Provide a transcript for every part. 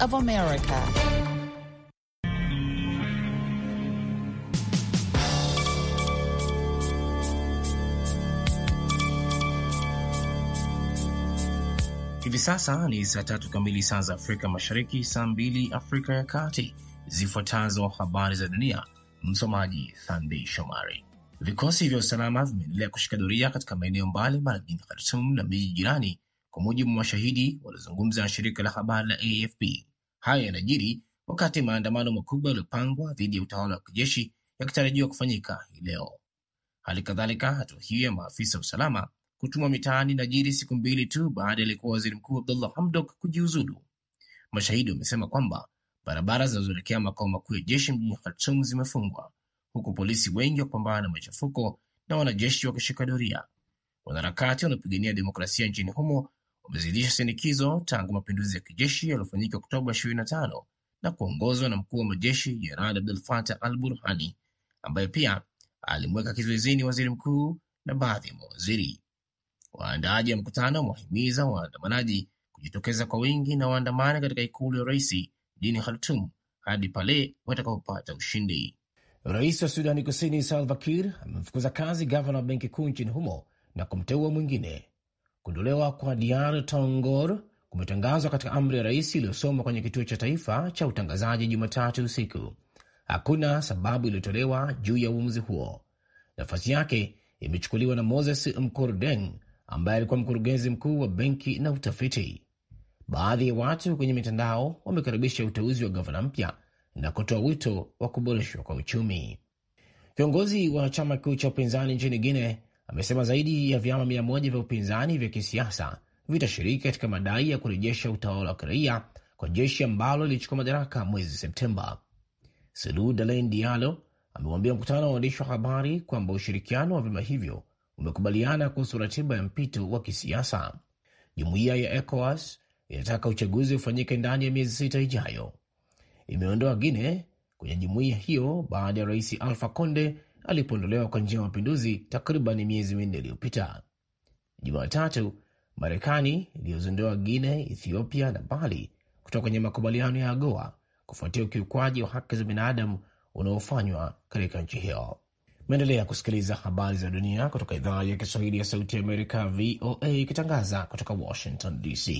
of America. Hivi sasa ni saa tatu kamili saa za Afrika Mashariki, saa mbili Afrika ya Kati. Zifuatazo habari za dunia, msomaji Sandei Shomari. Vikosi vya usalama vimeendelea kushika doria katika maeneo mbalimbali jijini Khartum na miji jirani, kwa mujibu wa mashahidi waliozungumza na shirika la habari la AFP. Hayo yanajiri wakati maandamano makubwa yaliyopangwa dhidi ya utawala wa kijeshi yakitarajiwa kufanyika hii leo. Hali kadhalika, hatua hiyo ya maafisa wa usalama kutumwa mitaani inajiri siku mbili tu baada ya aliyekuwa waziri mkuu Abdullah Hamdok kujiuzulu. Mashahidi wamesema kwamba barabara zinazoelekea makao makuu ya jeshi mjini Khartum zimefungwa huku polisi wengi wakupambana na machafuko na wanajeshi wakishika doria. Wanaharakati wanaopigania demokrasia nchini humo umezidisha shinikizo tangu mapinduzi ya kijeshi yaliyofanyika Oktoba 25 na kuongozwa na mkuu wa majeshi Jenerali Abdul Fatah al Burhani, ambaye pia alimweka kizuizini waziri mkuu na baadhi ya mawaziri. Waandaaji wa mkutano wamewahimiza waandamanaji kujitokeza kwa wingi na waandamane katika ikulu ya raisi dini Khartum hadi pale watakapopata ushindi. Rais wa Sudani Kusini Salva Kiir amemfukuza kazi gavana wa benki kuu nchini humo na kumteua mwingine Kuondolewa kwa Diar Tongor kumetangazwa katika amri ya rais iliyosomwa kwenye kituo cha taifa cha utangazaji Jumatatu usiku. Hakuna sababu iliyotolewa juu ya uamuzi huo. Nafasi yake imechukuliwa na Moses Mcordeng ambaye alikuwa mkurugenzi mkuu wa benki na utafiti. Baadhi ya watu kwenye mitandao wamekaribisha uteuzi wa gavana mpya na kutoa wito wa kuboreshwa kwa uchumi. Kiongozi wa chama kikuu cha upinzani nchini Guine amesema zaidi ya vyama mia moja vya upinzani vya kisiasa vitashiriki katika madai ya kurejesha utawala wa kiraia kwa jeshi ambalo lilichukua madaraka mwezi Septemba. Selu Dalein Dialo amewambia mkutano wa waandishi wa habari kwamba ushirikiano wa vyama hivyo umekubaliana kuhusu ratiba ya mpito wa kisiasa. Jumuiya ya ECOWAS inataka uchaguzi ufanyike ndani ya miezi sita ijayo. Imeondoa Guine kwenye jumuiya hiyo baada ya rais Alpha Conde alipoondolewa kwa njia ya mapinduzi takriban miezi minne iliyopita. Jumatatu, Marekani iliyozondoa Guine, Ethiopia na Bali kutoka kwenye makubaliano ya AGOA kufuatia ukiukwaji wa haki za binadamu unaofanywa katika nchi hiyo. Meendelea kusikiliza habari za dunia kutoka idhaa ya Kiswahili ya Sauti ya Amerika, VOA, ikitangaza kutoka Washington DC.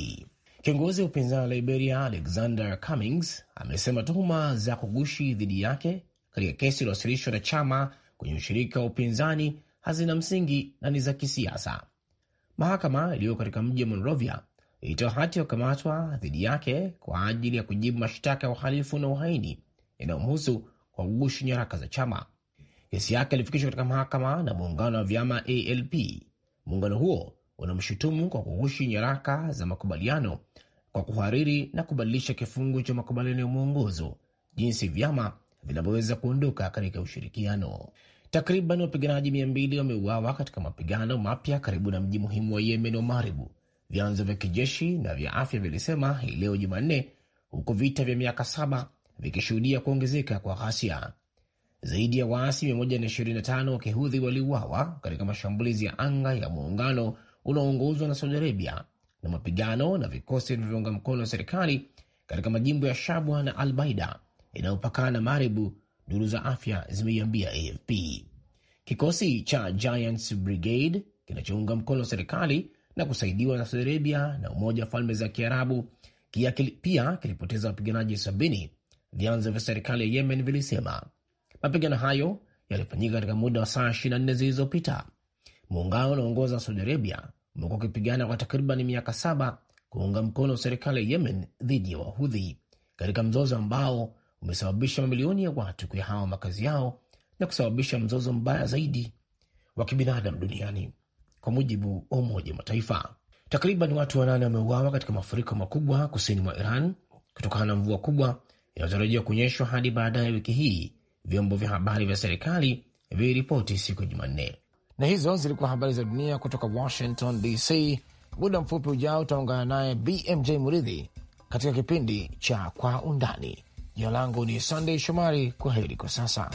Kiongozi wa upinzani wa Liberia Alexander Cummings amesema tuhuma za kugushi dhidi yake katika kesi iliyowasilishwa na chama kwenye ushirika wa upinzani hazina msingi na ni za kisiasa. Mahakama iliyo katika mji wa Monrovia ilitoa hati ya kukamatwa dhidi yake kwa ajili ya kujibu mashtaka ya uhalifu na uhaini yanayomhusu kwa kugushi nyaraka za chama. Kesi yake ilifikishwa katika mahakama na muungano wa vyama ALP. Muungano huo unamshutumu kwa kugushi nyaraka za makubaliano kwa kuhariri na kubadilisha kifungu cha makubaliano ya mwongozo jinsi vyama vinavyoweza kuondoka katika ushirikiano. Takriban wapiganaji mia mbili wameuawa katika mapigano mapya karibu na mji muhimu wa Yemen wa Maribu, vyanzo vya kijeshi na vya afya vilisema hii leo Jumanne, huku vita vya miaka saba vikishuhudia kuongezeka kwa ghasia. Zaidi ya waasi 125 wa kihudhi waliuawa katika mashambulizi ya anga ya muungano unaoongozwa na Saudi Arabia na mapigano na vikosi vinavyounga mkono serikali katika majimbo ya Shabwa na Albaida inayopakana Maribu duru za afya zimeiambia AFP. Kikosi cha Giants Brigade kinachounga mkono serikali na kusaidiwa na Saudi Arabia na Umoja wa Falme za Kiarabu pia kilipoteza wapiganaji sabini, vyanzo vya serikali ya Yemen vilisema. Mapigano hayo yalifanyika katika muda wa saa 24 zilizopita. Muungano unaongoza wa Saudi Arabia umekuwa ukipigana kwa takriban miaka saba kuunga mkono serikali ya Yemen dhidi ya Wahudhi katika mzozo ambao umesababisha mamilioni ya watu kuyahama makazi yao na kusababisha mzozo mbaya zaidi wa kibinadamu duniani, kwa mujibu wa Umoja Mataifa. Takriban watu wanane wameuawa katika mafuriko makubwa kusini mwa Iran kutokana na mvua kubwa inayotarajiwa kunyeshwa hadi baadaye wiki hii, vyombo vya habari vya serikali viliripoti siku ya Jumanne. Na hizo zilikuwa habari za dunia kutoka Washington DC. Muda mfupi ujao utaungana naye BMJ Muridhi katika kipindi cha Kwa Undani. Jina langu ni Sandey Shomari. Kwa heri kwa sasa.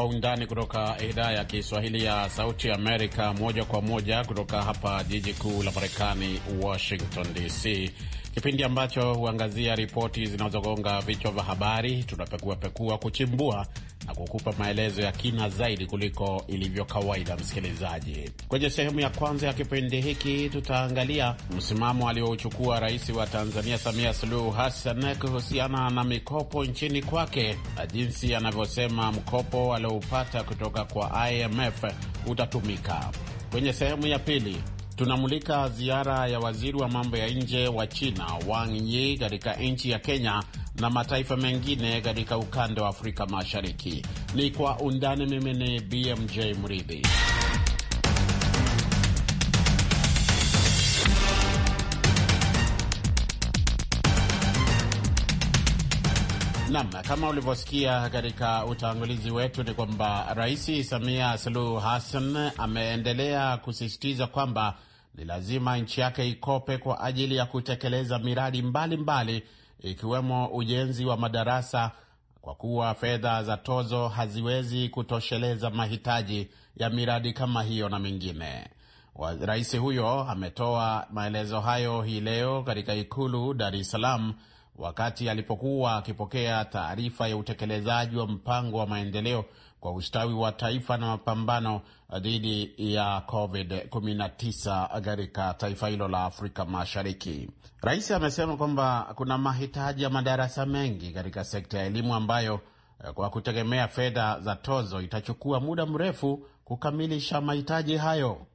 Kwa Undani kutoka idhaa ya Kiswahili ya Sauti Amerika, moja kwa moja kutoka hapa jiji kuu la Marekani, Washington DC, kipindi ambacho huangazia ripoti zinazogonga vichwa vya habari. tunapekuapekua kuchimbua na kukupa maelezo ya kina zaidi kuliko ilivyo kawaida. Msikilizaji, kwenye sehemu ya kwanza ya kipindi hiki tutaangalia msimamo aliouchukua rais wa Tanzania Samia Suluhu Hassan kuhusiana na mikopo nchini kwake na jinsi anavyosema mkopo alioupata kutoka kwa IMF utatumika. Kwenye sehemu ya pili tunamulika ziara ya waziri wa mambo ya nje wa China Wang Yi katika nchi ya Kenya na mataifa mengine katika ukanda wa Afrika Mashariki. Ni kwa undani. Mimi ni BMJ Mridhi. Nam, kama ulivyosikia katika utangulizi wetu ni kwamba Rais Samia Suluhu Hassan ameendelea kusisitiza kwamba ni lazima nchi yake ikope kwa ajili ya kutekeleza miradi mbalimbali mbali ikiwemo ujenzi wa madarasa kwa kuwa fedha za tozo haziwezi kutosheleza mahitaji ya miradi kama hiyo na mingine. Rais huyo ametoa maelezo hayo hii leo katika ikulu Dar es Salaam wakati alipokuwa akipokea taarifa ya utekelezaji wa mpango wa maendeleo kwa ustawi wa taifa na mapambano dhidi ya COVID-19 katika taifa hilo la Afrika Mashariki. Rais amesema kwamba kuna mahitaji ya madarasa mengi katika sekta ya elimu ambayo eh, kwa kutegemea fedha za tozo itachukua muda mrefu kukamilisha mahitaji hayo.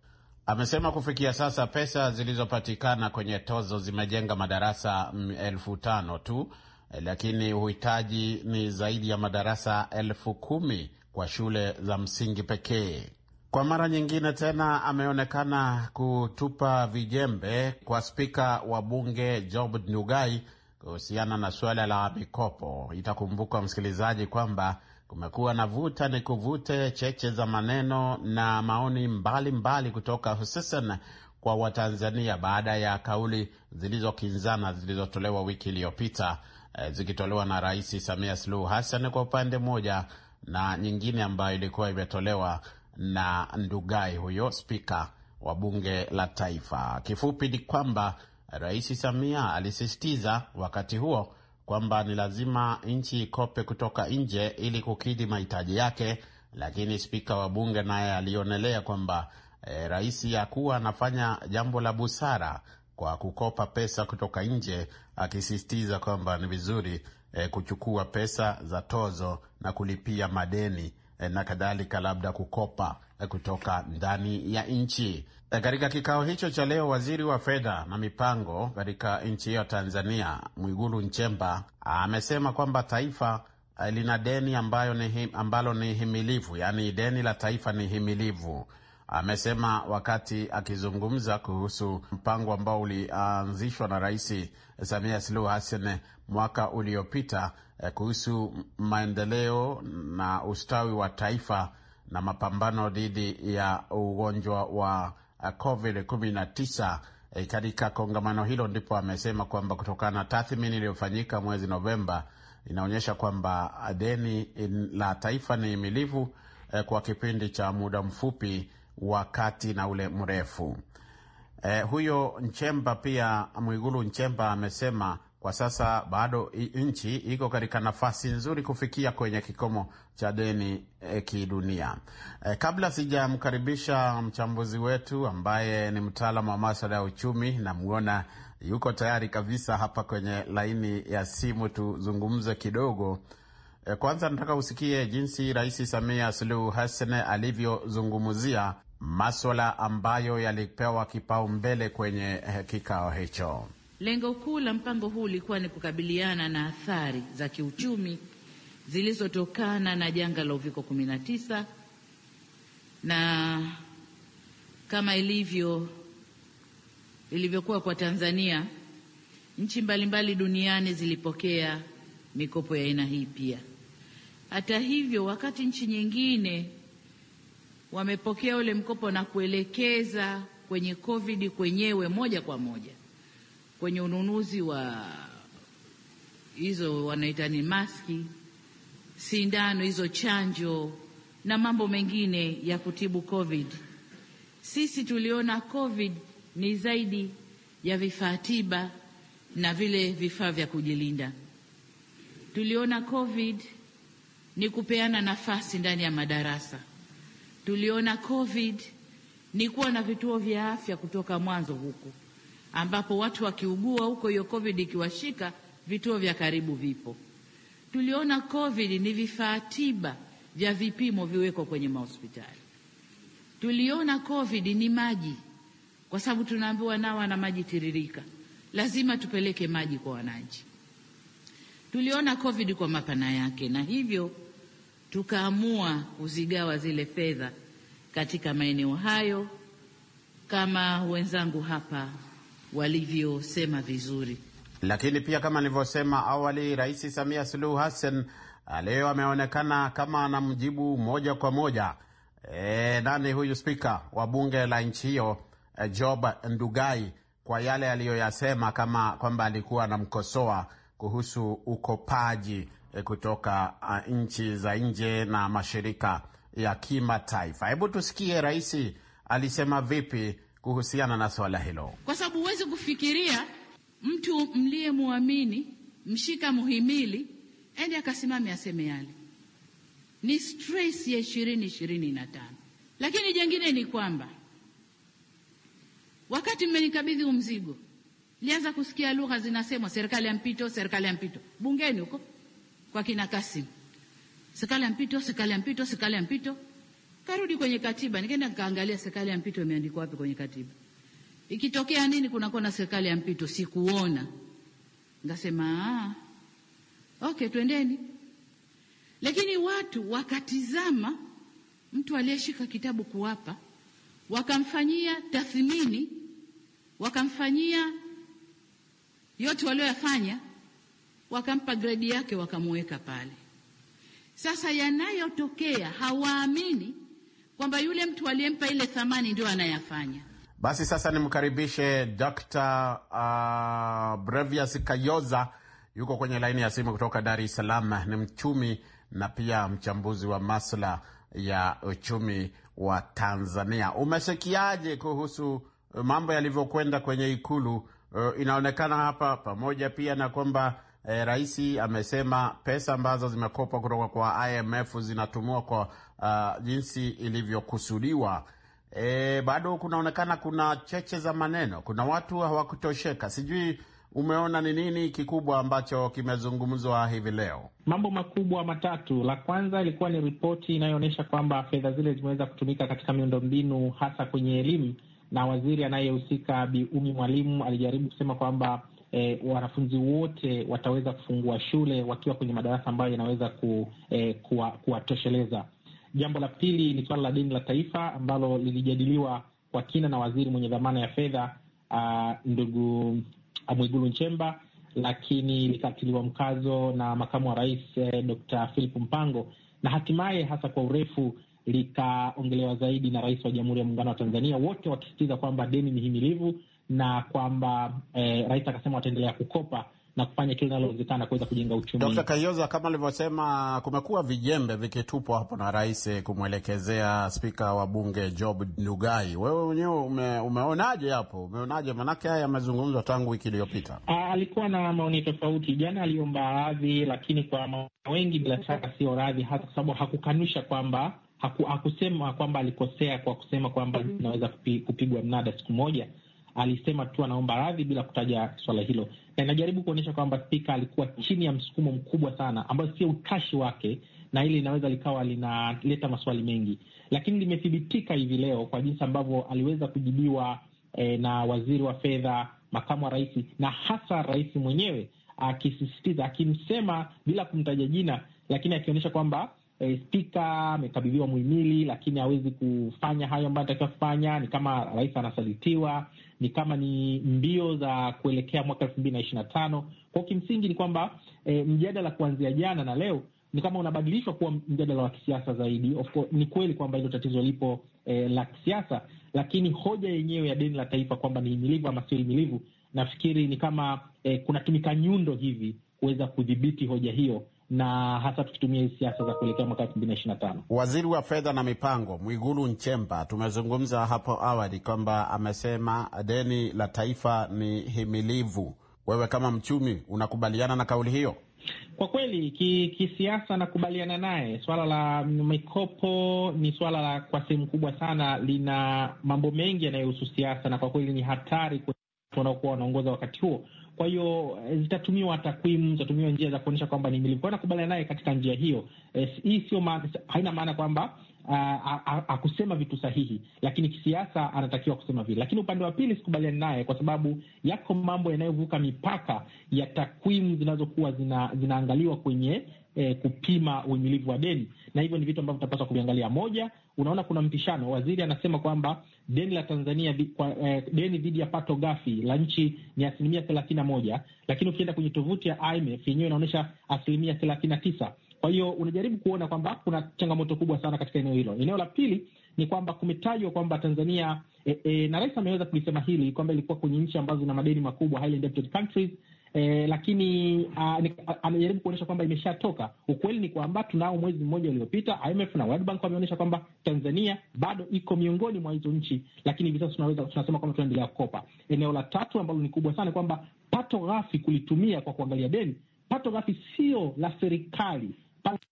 Amesema kufikia sasa pesa zilizopatikana kwenye tozo zimejenga madarasa elfu tano tu, eh, lakini uhitaji ni zaidi ya madarasa elfu kumi kwa shule za msingi pekee. Kwa mara nyingine tena ameonekana kutupa vijembe kwa spika wa bunge Job Ndugai kuhusiana na suala la mikopo. Itakumbuka msikilizaji kwamba kumekuwa na vuta ni kuvute, cheche za maneno na maoni mbalimbali mbali kutoka hususan kwa Watanzania baada ya kauli zilizokinzana zilizotolewa wiki iliyopita, eh, zikitolewa na Rais Samia Suluhu Hassan kwa upande mmoja na nyingine ambayo ilikuwa imetolewa na Ndugai, huyo spika wa bunge la taifa. Kifupi ni kwamba Rais Samia alisisitiza wakati huo kwamba ni lazima nchi ikope kutoka nje ili kukidhi mahitaji yake, lakini spika wa bunge naye alionelea kwamba e, rais hakuwa anafanya jambo la busara kwa kukopa pesa kutoka nje, akisisitiza kwamba ni vizuri eh, kuchukua pesa za tozo na kulipia madeni eh, na kadhalika, labda kukopa eh, kutoka ndani ya nchi. Eh, katika kikao hicho cha leo, waziri wa fedha na mipango katika nchi hiyo Tanzania, Mwigulu Nchemba, amesema kwamba taifa eh, lina deni ambayo ni, ambalo ni himilivu, yaani deni la taifa ni himilivu amesema wakati akizungumza kuhusu mpango ambao ulianzishwa na Rais Samia Suluhu Hassan mwaka uliopita eh, kuhusu maendeleo na ustawi wa taifa na mapambano dhidi ya ugonjwa wa eh, COVID-19. E, katika kongamano hilo ndipo amesema kwamba kutokana na tathmini iliyofanyika mwezi Novemba inaonyesha kwamba deni la taifa ni imilivu e, kwa kipindi cha muda mfupi wa kati na ule mrefu. Eh, huyo Nchemba pia Mwigulu Nchemba amesema kwa sasa bado nchi iko katika nafasi nzuri kufikia kwenye kikomo cha deni e, kidunia. E, kabla sijamkaribisha mchambuzi wetu ambaye ni mtaalamu wa maswala ya uchumi, namwona yuko tayari kabisa hapa kwenye laini ya simu, tuzungumze kidogo Eh, kwanza nataka usikie jinsi Rais Samia Suluhu Hassan alivyozungumzia maswala ambayo yalipewa kipaumbele kwenye eh, kikao hicho. Lengo kuu la mpango huu ulikuwa ni kukabiliana na athari za kiuchumi zilizotokana na janga la uviko 19 na kama ilivyo ilivyokuwa kwa Tanzania, nchi mbalimbali duniani zilipokea mikopo ya aina hii pia. Hata hivyo, wakati nchi nyingine wamepokea ule mkopo na kuelekeza kwenye COVID kwenyewe moja kwa moja kwenye ununuzi wa hizo wanaita ni maski, sindano hizo, chanjo na mambo mengine ya kutibu COVID. Sisi tuliona COVID ni zaidi ya vifaa tiba na vile vifaa vya kujilinda. Tuliona COVID ni kupeana nafasi ndani ya madarasa. Tuliona COVID ni kuwa na vituo vya afya kutoka mwanzo huku, ambapo watu wakiugua huko, hiyo COVID ikiwashika, vituo vya karibu vipo. Tuliona COVID ni vifaa tiba vya vipimo viwekwa kwenye mahospitali. Tuliona COVID ni maji, kwa sababu tunaambiwa nawa na maji tiririka, lazima tupeleke maji kwa wananchi. Tuliona COVID kwa mapana yake, na hivyo tukaamua kuzigawa zile fedha katika maeneo hayo kama wenzangu hapa walivyosema vizuri. Lakini pia kama nilivyosema awali, Rais Samia Suluhu Hassan eh, leo ameonekana kama anamjibu moja kwa moja e, nani huyu spika wa bunge la nchi hiyo eh, Job Ndugai kwa yale aliyoyasema kama kwamba alikuwa anamkosoa kuhusu ukopaji Eh, kutoka ah, nchi za nje na mashirika ya kimataifa. Hebu tusikie rais alisema vipi kuhusiana na swala hilo, kwa sababu huwezi kufikiria mtu mliyemwamini mshika muhimili ende akasimame aseme yale ni stress ya ishirini ishirini na tano. Lakini jengine ni kwamba wakati mmenikabidhi huu mzigo, nilianza kusikia lugha zinasemwa serikali ya mpito, serikali ya mpito bungeni huko kwa kina Kasim, serikali ya mpito, serikali ya mpito, serikali ya mpito. Karudi kwenye katiba, nikaenda nikaangalia serikali ya mpito imeandikwa wapi kwenye katiba, ikitokea nini kunakuwa na serikali ya mpito. Sikuona, nikasema ah, okay, twendeni. Lakini watu wakatizama mtu aliyeshika kitabu kuwapa, wakamfanyia tathmini, wakamfanyia yote walioyafanya wakampa gredi yake wakamweka pale. Sasa yanayotokea hawaamini kwamba yule mtu aliyempa ile thamani ndio anayafanya. Basi sasa nimkaribishe Dr. uh, ah, Brevias Kayoza yuko kwenye laini ya simu kutoka Dar es Salaam. Ni mchumi na pia mchambuzi wa masuala ya uchumi wa Tanzania. Umesikiaje kuhusu eh, mambo yalivyokwenda kwenye Ikulu? Uh, inaonekana hapa pamoja pia na kwamba eh, rais amesema pesa ambazo zimekopwa kutoka kwa IMF zinatumiwa kwa uh, jinsi ilivyokusudiwa. E, bado kunaonekana kuna cheche za maneno, kuna watu hawakutosheka. Sijui umeona ni nini kikubwa ambacho kimezungumzwa hivi leo? Mambo makubwa matatu. La kwanza ilikuwa ni ripoti inayoonyesha kwamba fedha zile zimeweza kutumika katika miundombinu hasa kwenye elimu, na waziri anayehusika Bi Umi Mwalimu alijaribu kusema kwamba e, wanafunzi wote wataweza kufungua shule wakiwa kwenye madarasa ambayo yanaweza ku, e, kuwa, kuwatosheleza. Jambo la pili ni suala la deni la taifa ambalo lilijadiliwa kwa kina na waziri mwenye dhamana ya fedha ah, ndugu Mwigulu Nchemba, lakini likatiliwa mkazo na makamu wa rais e, eh, Dr. Philip Mpango na hatimaye hasa kwa urefu likaongelewa zaidi na rais wa Jamhuri ya Muungano wa Tanzania, wote wakisisitiza kwamba deni ni himilivu na kwamba eh, rais akasema wataendelea kukopa na kufanya kile linalowezekana kuweza kujenga uchumi. Dkt. Kayoza, kama alivyosema, kumekuwa vijembe vikitupwa hapo na rais eh, kumwelekezea spika wa bunge Job Ndugai. Wewe mwenyewe ume, umeonaje hapo? Umeonaje? Maanake haya yamezungumzwa tangu wiki iliyopita. Ah, alikuwa na maoni tofauti. Jana aliomba radhi, lakini kwa maoni wengi bila shaka sio radhi, hasa kwa sababu hakukanusha kwamba hakusema kwamba alikosea kwa kusema kwamba inaweza mm-hmm. kupigwa mnada siku moja alisema tu anaomba radhi bila kutaja swala hilo, na inajaribu kuonyesha kwamba spika alikuwa chini ya msukumo mkubwa sana, ambayo sio utashi wake, na hili linaweza likawa linaleta maswali mengi, lakini limethibitika hivi leo kwa jinsi ambavyo aliweza kujibiwa eh, na waziri wa fedha, makamu wa rais na hasa rais mwenyewe akisisitiza, akimsema bila kumtaja jina, lakini akionyesha kwamba E, spika amekabidhiwa muhimili lakini hawezi kufanya hayo ambayo anatakiwa kufanya. Ni kama rais anasalitiwa ni kama ni mbio za kuelekea mwaka elfu mbili na ishirini na tano. Kwa kimsingi ni kwamba e, mjadala kuanzia jana na leo ni kama unabadilishwa kuwa mjadala wa kisiasa zaidi. Of course, ni kweli kwamba hilo tatizo lipo e, la kisiasa, lakini hoja yenyewe ya deni la taifa kwamba ni himilivu ama sio himilivu, nafikiri ni kama e, eh, kunatumika nyundo hivi kuweza kudhibiti hoja hiyo na hasa tukitumia hii siasa za kuelekea mwaka elfu mbili na ishirini na tano. Waziri wa fedha na mipango Mwigulu Nchemba, tumezungumza hapo awali kwamba amesema deni la taifa ni himilivu. Wewe kama mchumi unakubaliana na kauli hiyo? Kwa kweli kisiasa ki nakubaliana naye. Swala la mikopo ni swala la kwa sehemu kubwa sana lina mambo mengi yanayohusu siasa, na kwa kweli ni hatari kwa wanaokuwa wanaongoza wakati huo kwa hiyo eh, zitatumiwa takwimu, zitatumiwa njia za kuonyesha kwamba nilikuwa nakubaliana naye katika njia hiyo. Eh, hii sio haina maana kwamba ah, akusema vitu sahihi, lakini kisiasa anatakiwa kusema vile. Lakini upande wa pili sikubaliani naye kwa sababu yako mambo yanayovuka mipaka ya takwimu zinazokuwa zina, zinaangaliwa kwenye eh, kupima uhimilivu wa deni, na hivyo ni vitu ambavyo tunapaswa kuviangalia. Moja, unaona kuna mpishano. Waziri anasema kwamba deni la Tanzania kwa, eh, deni dhidi ya pato ghafi la nchi ni asilimia thelathini na moja, lakini ukienda kwenye tovuti ya IMF yenyewe inaonyesha asilimia thelathini na tisa. Kwa hiyo unajaribu kuona kwamba kuna changamoto kubwa sana katika eneo hilo. Eneo la pili ni kwamba kumetajwa kwamba Tanzania e, e, na rais ameweza kulisema hili kwamba ilikuwa kwenye nchi ambazo zina madeni makubwa, highly indebted countries, e, lakini ah, ah, amejaribu kuonyesha kwamba imeshatoka. Ukweli ni kwamba tunao, mwezi mmoja uliopita IMF na World Bank wameonyesha kwamba Tanzania bado iko miongoni mwa hizo nchi, lakini hivi sasa tunaweza tunasema kwamba tunaendelea kukopa. Eneo la tatu ambalo ni kubwa sana kwamba pato ghafi kulitumia kwa kuangalia deni. Pato ghafi sio la serikali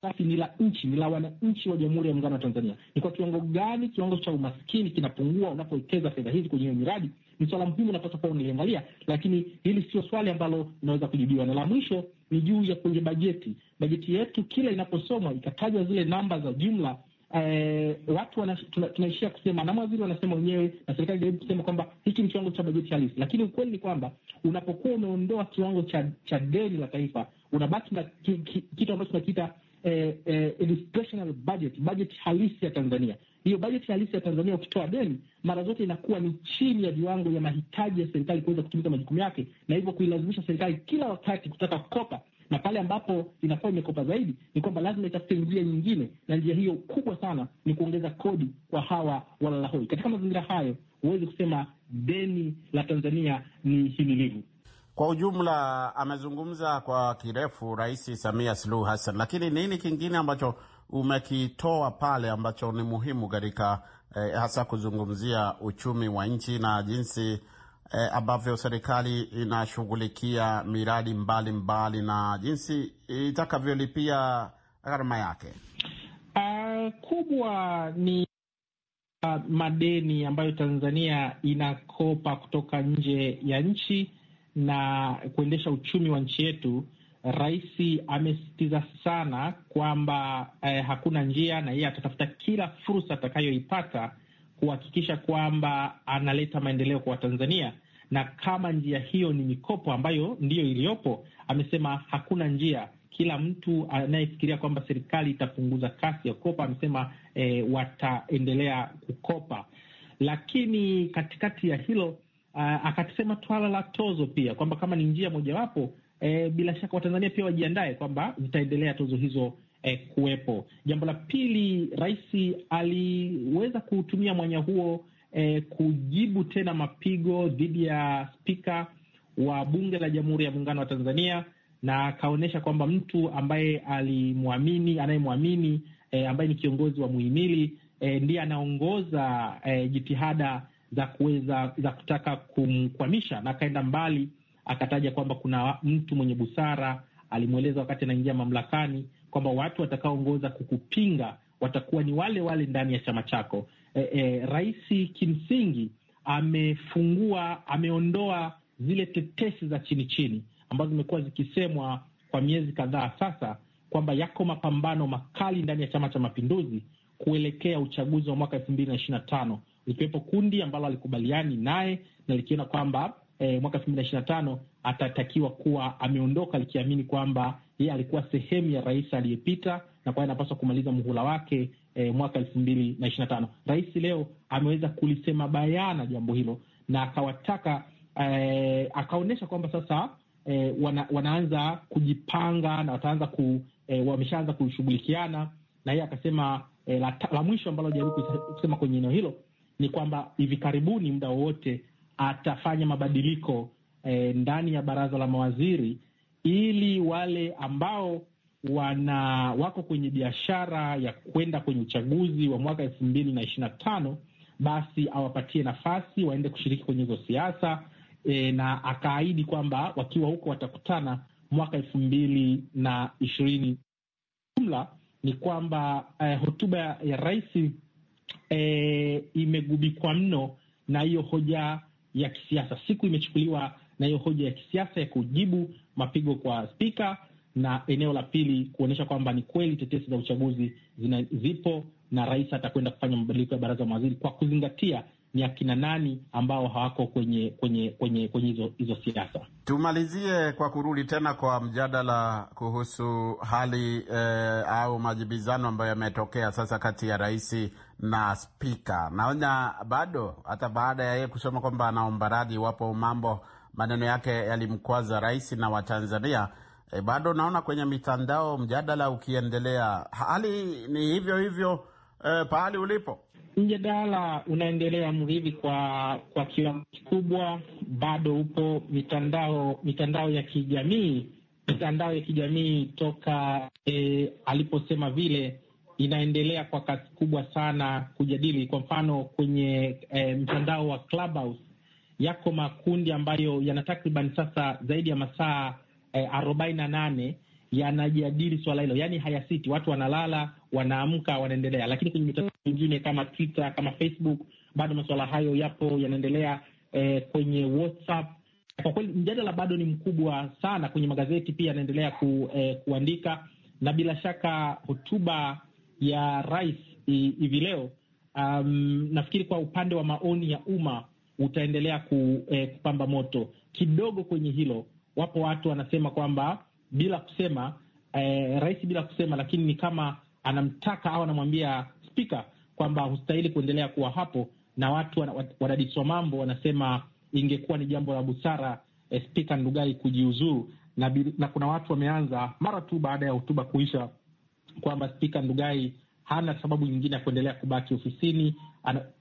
Safi ni la nchi, ni la wananchi wa Jamhuri ya Muungano wa Tanzania. Ni kwa kiwango gani kiwango cha umaskini kinapungua unapowekeza fedha hizi kwenye miradi ni swala muhimu napaswa kuwa unaliangalia, lakini hili sio swali ambalo unaweza kujibiwa. Na la mwisho ni juu ya kwenye bajeti. Bajeti yetu kila inaposomwa ikatajwa zile namba za jumla Eh, watu tunaishia kusema na mawaziri wanasema wenyewe na serikali jaribu kusema kwamba hiki ni kiwango cha bajeti halisi, lakini ukweli ni kwamba unapokuwa umeondoa kiwango cha cha deni la taifa unabaki na kitu ambacho tunakiita eh, eh, discretionary budget, budget halisi ya Tanzania hiyo bajeti halisi ya Tanzania ukitoa deni, mara zote inakuwa ni chini ya viwango vya mahitaji ya serikali kuweza kutimiza majukumu yake, na hivyo kuilazimisha serikali kila wakati kutaka kukopa na pale ambapo inakuwa imekopa zaidi ni kwamba lazima itafute njia nyingine, na njia hiyo kubwa sana ni kuongeza kodi kwa hawa walalahoi. Katika mazingira hayo, huwezi kusema deni la Tanzania ni himilivu. Kwa ujumla, amezungumza kwa kirefu Rais Samia Suluhu Hassan, lakini nini kingine ambacho umekitoa pale ambacho ni muhimu katika eh, hasa kuzungumzia uchumi wa nchi na jinsi eh, ambavyo serikali inashughulikia miradi mbalimbali mbali na jinsi itakavyolipia gharama yake. Uh, kubwa ni uh, madeni ambayo Tanzania inakopa kutoka nje ya nchi na kuendesha uchumi wa nchi yetu rais amesisitiza sana kwamba eh, hakuna njia na yeye atatafuta kila fursa atakayoipata kuhakikisha kwamba analeta maendeleo kwa Watanzania, na kama njia hiyo ni mikopo ambayo ndiyo iliyopo, amesema hakuna njia kila mtu anayefikiria kwamba serikali itapunguza kasi ya kukopa amesema e, wataendelea kukopa. Lakini katikati ya hilo uh, ah, akasema twala la tozo pia kwamba kama ni njia mojawapo e, bila shaka Watanzania pia wajiandae kwamba zitaendelea tozo hizo e, kuwepo. Jambo la pili, rais aliweza kutumia mwanya huo e, kujibu tena mapigo dhidi ya spika wa bunge la Jamhuri ya Muungano wa Tanzania na akaonyesha kwamba mtu ambaye alimwamini anayemwamini e, ambaye ni kiongozi wa muhimili e, ndiye anaongoza e, jitihada za kuweza za kutaka kumkwamisha, na akaenda mbali akataja kwamba kuna mtu mwenye busara alimweleza wakati anaingia mamlakani kwamba watu watakaoongoza kukupinga watakuwa ni wale wale ndani ya chama chako. E, e, rais kimsingi amefungua, ameondoa zile tetesi za chini chini ambazo zimekuwa zikisemwa kwa miezi kadhaa sasa kwamba yako mapambano makali ndani ya Chama cha Mapinduzi kuelekea uchaguzi wa mwaka elfu mbili na ishirini na tano likiwepo kundi ambalo alikubaliani naye na likiona kwamba eh, mwaka elfu mbili na ishirini na tano atatakiwa kuwa ameondoka likiamini kwamba yeye alikuwa sehemu ya rais aliyepita na kwa hiyo anapaswa kumaliza muhula wake eh, mwaka elfu mbili na ishirini na tano. Rais leo ameweza kulisema bayana jambo hilo na akawataka eh, akaonyesha kwamba sasa eh, wana, wanaanza kujipanga na wataanza ku, eh, wameshaanza kushughulikiana na yeye akasema eh, la, la mwisho ambalo jaribu kusema kwenye eneo hilo ni kwamba hivi karibuni, muda wowote atafanya mabadiliko e, ndani ya baraza la mawaziri ili wale ambao wana wako kwenye biashara ya kwenda kwenye uchaguzi wa mwaka elfu mbili na ishirini na tano basi awapatie nafasi waende kushiriki kwenye hizo siasa e, na akaahidi kwamba wakiwa huko watakutana mwaka elfu mbili na ishirini. Jumla ni kwamba eh, hotuba ya rais eh, imegubikwa mno na hiyo hoja ya kisiasa. Siku imechukuliwa na hiyo hoja ya kisiasa ya kujibu mapigo kwa spika, na eneo la pili kuonyesha kwamba ni kweli tetesi za uchaguzi zina, zipo na rais atakwenda kufanya mabadiliko ya baraza mawaziri kwa kuzingatia ni akina nani ambao hawako kwenye kwenye kwenye kwenye hizo hizo siasa. Tumalizie kwa kurudi tena kwa mjadala kuhusu hali eh, au majibizano ambayo yametokea sasa kati ya rais na spika. Naona bado hata baada ya yeye kusema kwamba anaomba radhi iwapo mambo maneno yake yalimkwaza rais na Watanzania. E, eh, bado naona kwenye mitandao mjadala ukiendelea, hali ni hivyo hivyo. E, pahali ulipo Mjadala unaendelea mhivi kwa kwa kiwango kikubwa, bado upo. Mitandao mitandao ya kijamii mitandao ya kijamii toka e, aliposema vile inaendelea kwa kasi kubwa sana kujadili. Kwa mfano kwenye e, mtandao wa Clubhouse yako makundi ambayo yana takriban sasa zaidi ya masaa e, arobaini na nane yanajadili swala hilo, yaani hayasiti. Watu wanalala, wanaamka, wanaendelea. Lakini kwenye mitandao mingine kama Twitter, kama Facebook, bado masuala hayo yapo yanaendelea. eh, kwenye WhatsApp kwa kweli mjadala bado ni mkubwa sana. Kwenye magazeti pia yanaendelea ku, eh, kuandika na bila shaka hotuba ya rais hivi leo um, nafikiri kwa upande wa maoni ya umma utaendelea ku, eh, kupamba moto kidogo kwenye hilo. Wapo watu wanasema kwamba bila kusema eh, rais bila kusema, lakini ni kama anamtaka au anamwambia spika kwamba hustahili kuendelea kuwa hapo, na watu wadadiswa mambo wanasema ingekuwa ni jambo la busara eh, spika Ndugai kujiuzuru na, na kuna watu wameanza mara tu baada ya hotuba kuisha kwamba spika Ndugai hana sababu nyingine ya kuendelea kubaki ofisini.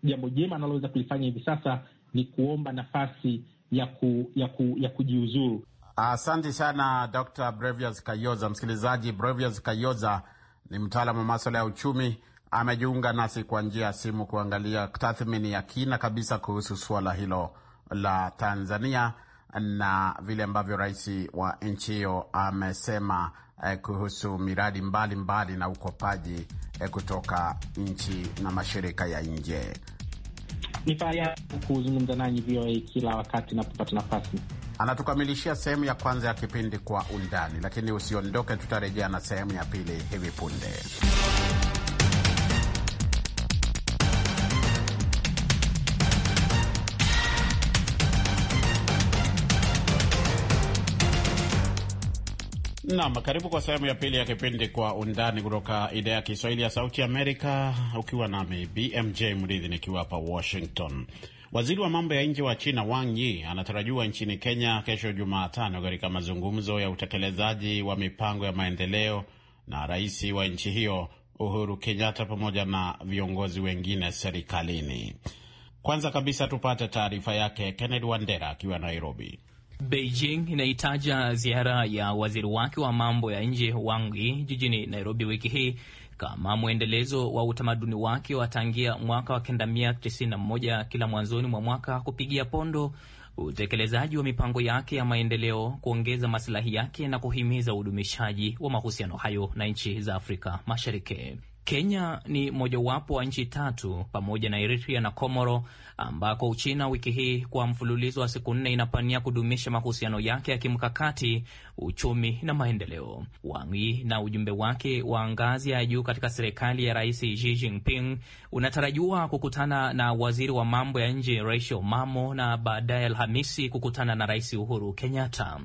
Jambo jema analoweza kulifanya hivi sasa ni kuomba nafasi ya, ku, ya, ku, ya kujiuzuru. Asante sana Dr. Brevius Kayoza. Msikilizaji, Brevius Kayoza ni mtaalamu wa maswala ya uchumi, amejiunga nasi kwa njia ya simu kuangalia tathmini ya kina kabisa kuhusu suala hilo la Tanzania na vile ambavyo rais wa nchi hiyo amesema eh, kuhusu miradi mbalimbali mbali na ukopaji eh, kutoka nchi na mashirika ya nje. Ni fahari yangu kuzungumza nanyi VOA kila wakati napopata nafasi. Anatukamilishia sehemu ya kwanza ya kipindi Kwa Undani, lakini usiondoke, tutarejea na sehemu ya pili hivi punde. Nam, karibu kwa sehemu ya pili ya kipindi Kwa Undani kutoka idhaa ya Kiswahili ya Sauti Amerika, ukiwa nami BMJ Mridhi nikiwa hapa Washington. Waziri wa mambo ya nje wa China Wang Yi anatarajiwa nchini Kenya kesho Jumatano katika mazungumzo ya utekelezaji wa mipango ya maendeleo na rais wa nchi hiyo Uhuru Kenyatta pamoja na viongozi wengine serikalini. Kwanza kabisa tupate taarifa yake Kennedy Wandera akiwa Nairobi. Beijing inaitaja ziara ya waziri wake wa mambo ya nje Wang Yi jijini Nairobi wiki hii kama mwendelezo wa utamaduni wake wa tangia mwaka wa 1991 kila mwanzoni mwa mwaka kupigia pondo utekelezaji wa mipango yake ya maendeleo, kuongeza masilahi yake na kuhimiza udumishaji wa mahusiano hayo na nchi za Afrika Mashariki. Kenya ni mojawapo wa nchi tatu pamoja na Eritrea na Komoro ambako Uchina wiki hii kwa mfululizo wa siku nne inapania kudumisha mahusiano yake ya kimkakati, uchumi na maendeleo. Wang Yi na ujumbe wake wa ngazi ya juu katika serikali ya Rais Xi Jinping unatarajiwa kukutana na waziri wa mambo ya nje Rachel Mamo na baadaye Alhamisi kukutana na Rais Uhuru Kenyatta.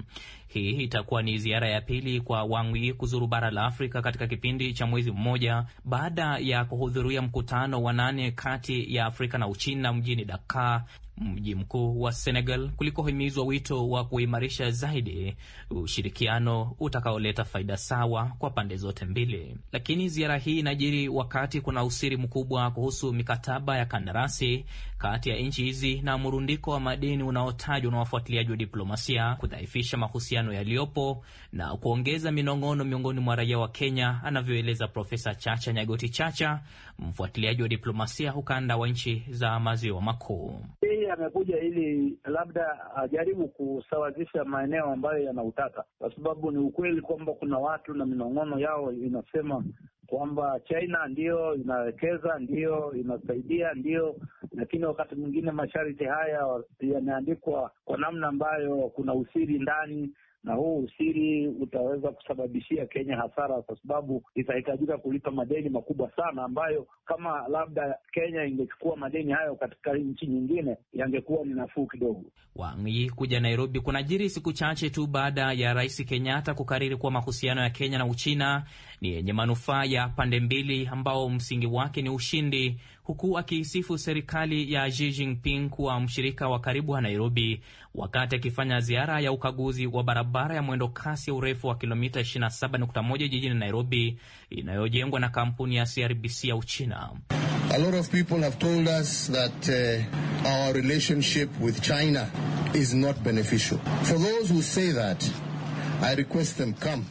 Hii itakuwa ni ziara ya pili kwa Wang Yi kuzuru bara la Afrika katika kipindi cha mwezi mmoja baada ya kuhudhuria mkutano wa nane kati ya Afrika na Uchina mjini Dakar mji mkuu wa Senegal kulikohimizwa wito wa kuimarisha zaidi ushirikiano utakaoleta faida sawa kwa pande zote mbili. Lakini ziara hii inajiri wakati kuna usiri mkubwa kuhusu mikataba ya kandarasi kati ya nchi hizi na mrundiko wa madini unaotajwa na wafuatiliaji wa diplomasia kudhaifisha mahusiano yaliyopo na kuongeza minong'ono miongoni mwa raia wa Kenya, anavyoeleza Profesa Chacha Nyagoti Chacha, mfuatiliaji wa diplomasia ukanda wa nchi za maziwa makuu. Hii amekuja ili labda ajaribu kusawazisha maeneo ambayo yanautata, kwa sababu ni ukweli kwamba kuna watu na minong'ono yao inasema kwamba China ndiyo inawekeza, ndiyo inasaidia, ndiyo, lakini wakati mwingine masharti haya yameandikwa kwa namna ambayo kuna usiri ndani na huu usiri utaweza kusababishia Kenya hasara, kwa sababu itahitajika kulipa madeni makubwa sana, ambayo kama labda Kenya ingechukua madeni hayo katika nchi nyingine yangekuwa ni nafuu kidogo. Wang kuja Nairobi kunajiri siku chache tu baada ya Rais Kenyatta kukariri kuwa mahusiano ya Kenya na Uchina ni yenye manufaa ya pande mbili, ambao msingi wake ni ushindi huku akiisifu serikali ya Xi Jinping kuwa mshirika wa karibu wa Nairobi wakati akifanya ziara ya ukaguzi wa barabara ya mwendo kasi ya urefu wa kilomita 27.1 jijini Nairobi inayojengwa na kampuni ya CRBC ya Uchina. A lot of people have told us that uh, our relationship with China is not beneficial. For those who say that, I request them come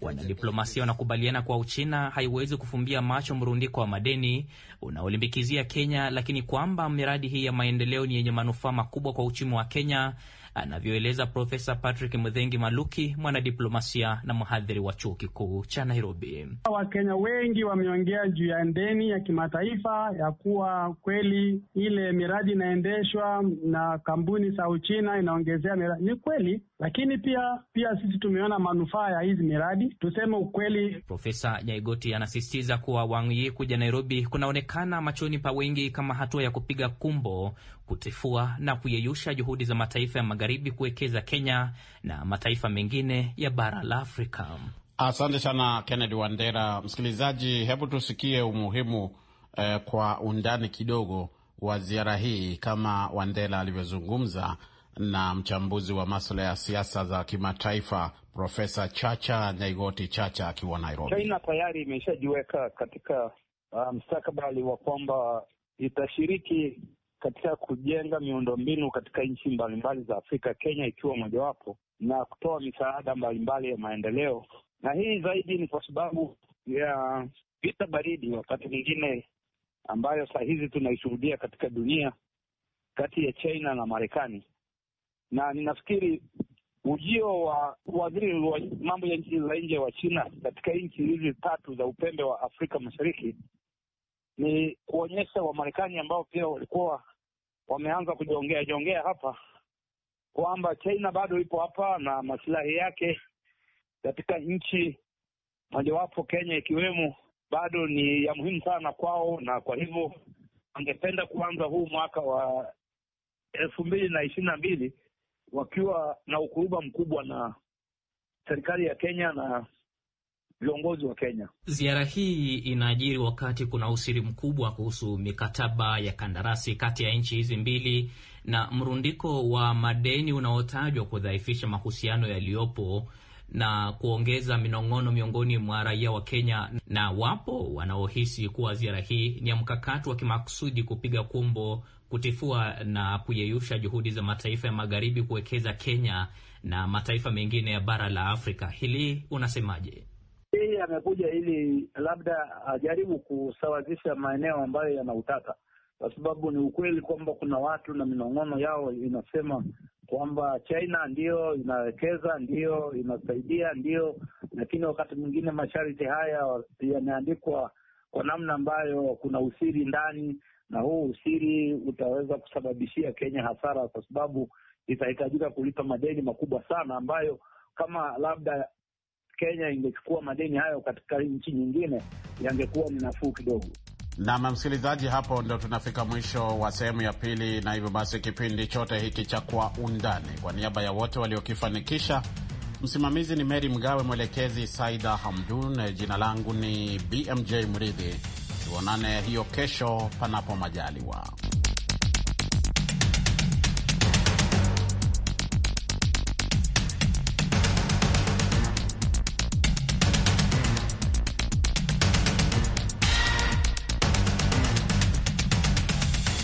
Wanadiplomasia wanakubaliana kuwa Uchina haiwezi kufumbia macho mrundiko wa madeni unaolimbikizia Kenya, lakini kwamba miradi hii ya maendeleo ni yenye manufaa makubwa kwa uchumi wa Kenya anavyoeleza Profesa Patrick Mudhengi Maluki, mwanadiplomasia na mhadhiri wa chuo kikuu cha Nairobi. Wakenya wengi wameongea juu ya ndeni ya kimataifa, ya kuwa kweli ile miradi inaendeshwa na kampuni za Uchina inaongezea miradi. Ni kweli, lakini pia pia sisi tumeona manufaa ya hizi miradi, tuseme ukweli. Profesa Nyaigoti anasisitiza kuwa Wang Yi kuja Nairobi kunaonekana machoni pa wengi kama hatua ya kupiga kumbo kutifua na kuyeyusha juhudi za mataifa ya magharibi kuwekeza Kenya na mataifa mengine ya bara la Afrika. Asante sana Kennedy Wandera. Msikilizaji, hebu tusikie umuhimu eh, kwa undani kidogo wa ziara hii kama Wandera alivyozungumza na mchambuzi wa maswala ya siasa za kimataifa Profesa Chacha Nyaigoti Chacha akiwa Nairobi. China tayari imeshajiweka katika ah, mstakabali um, wa kwamba itashiriki katika kujenga miundombinu katika nchi mbalimbali za Afrika, Kenya ikiwa mojawapo, na kutoa misaada mbalimbali ya maendeleo. Na hii zaidi ni kwa sababu ya vita baridi, wakati mwingine ambayo saa hizi tunaishuhudia katika dunia kati ya China na Marekani, na ninafikiri ujio wa waziri wa mambo ya nchi za nje wa China katika nchi hizi tatu za upembe wa Afrika Mashariki ni kuonyesha Wamarekani ambao pia walikuwa wameanza kujongea jongea hapa kwamba China bado ipo hapa na masilahi yake katika nchi mojawapo Kenya ikiwemo bado ni ya muhimu sana kwao, na kwa hivyo wangependa kuanza huu mwaka wa elfu mbili na ishirini na mbili wakiwa na ukuruba mkubwa na serikali ya Kenya na viongozi wa Kenya. Ziara hii inaajiri wakati kuna usiri mkubwa kuhusu mikataba ya kandarasi kati ya nchi hizi mbili na mrundiko wa madeni unaotajwa kudhaifisha mahusiano yaliyopo na kuongeza minong'ono miongoni mwa raia wa Kenya, na wapo wanaohisi kuwa ziara hii ni ya mkakati wa kimakusudi kupiga kumbo, kutifua na kuyeyusha juhudi za mataifa ya magharibi kuwekeza Kenya na mataifa mengine ya bara la Afrika. Hili unasemaje? yeye amekuja ili labda ajaribu kusawazisha maeneo ambayo yanautata, kwa sababu ni ukweli kwamba kuna watu na minong'ono yao inasema kwamba China ndiyo inawekeza, ndiyo inasaidia, ndiyo, lakini wakati mwingine masharti haya yameandikwa kwa namna ambayo kuna usiri ndani, na huu usiri utaweza kusababishia Kenya hasara, kwa sababu itahitajika kulipa madeni makubwa sana ambayo kama labda Kenya ingechukua madeni hayo katika nchi nyingine, yangekuwa ni nafuu kidogo. Nam msikilizaji, hapo ndo tunafika mwisho wa sehemu ya pili, na hivyo basi kipindi chote hiki cha Kwa Undani, kwa niaba ya wote waliokifanikisha, msimamizi ni Meri Mgawe, mwelekezi Saida Hamdun, jina langu ni BMJ Mridhi. Tuonane hiyo kesho, panapo majaliwa.